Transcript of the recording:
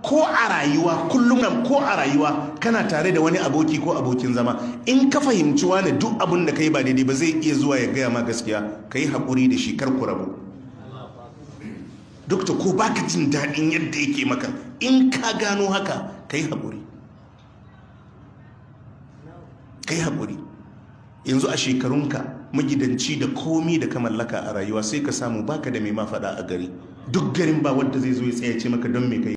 ko a rayuwa kullum ko a rayuwa kana tare da wani aboki ko abokin zama in ka fahimci wani duk abin da kai ba daidai ba zai iya zuwa ya gaya ma gaskiya ka yi haƙuri da shi kar ku rabu dokta ko baka jin daɗin yadda yake maka in ka gano haka ka yi haƙuri ka yi haƙuri yanzu a shekarunka magidanci da komi da ka mallaka a rayuwa sai ka samu baka da mai ma faɗa a gari duk garin ba wanda zai zo ya tsayace maka don me kai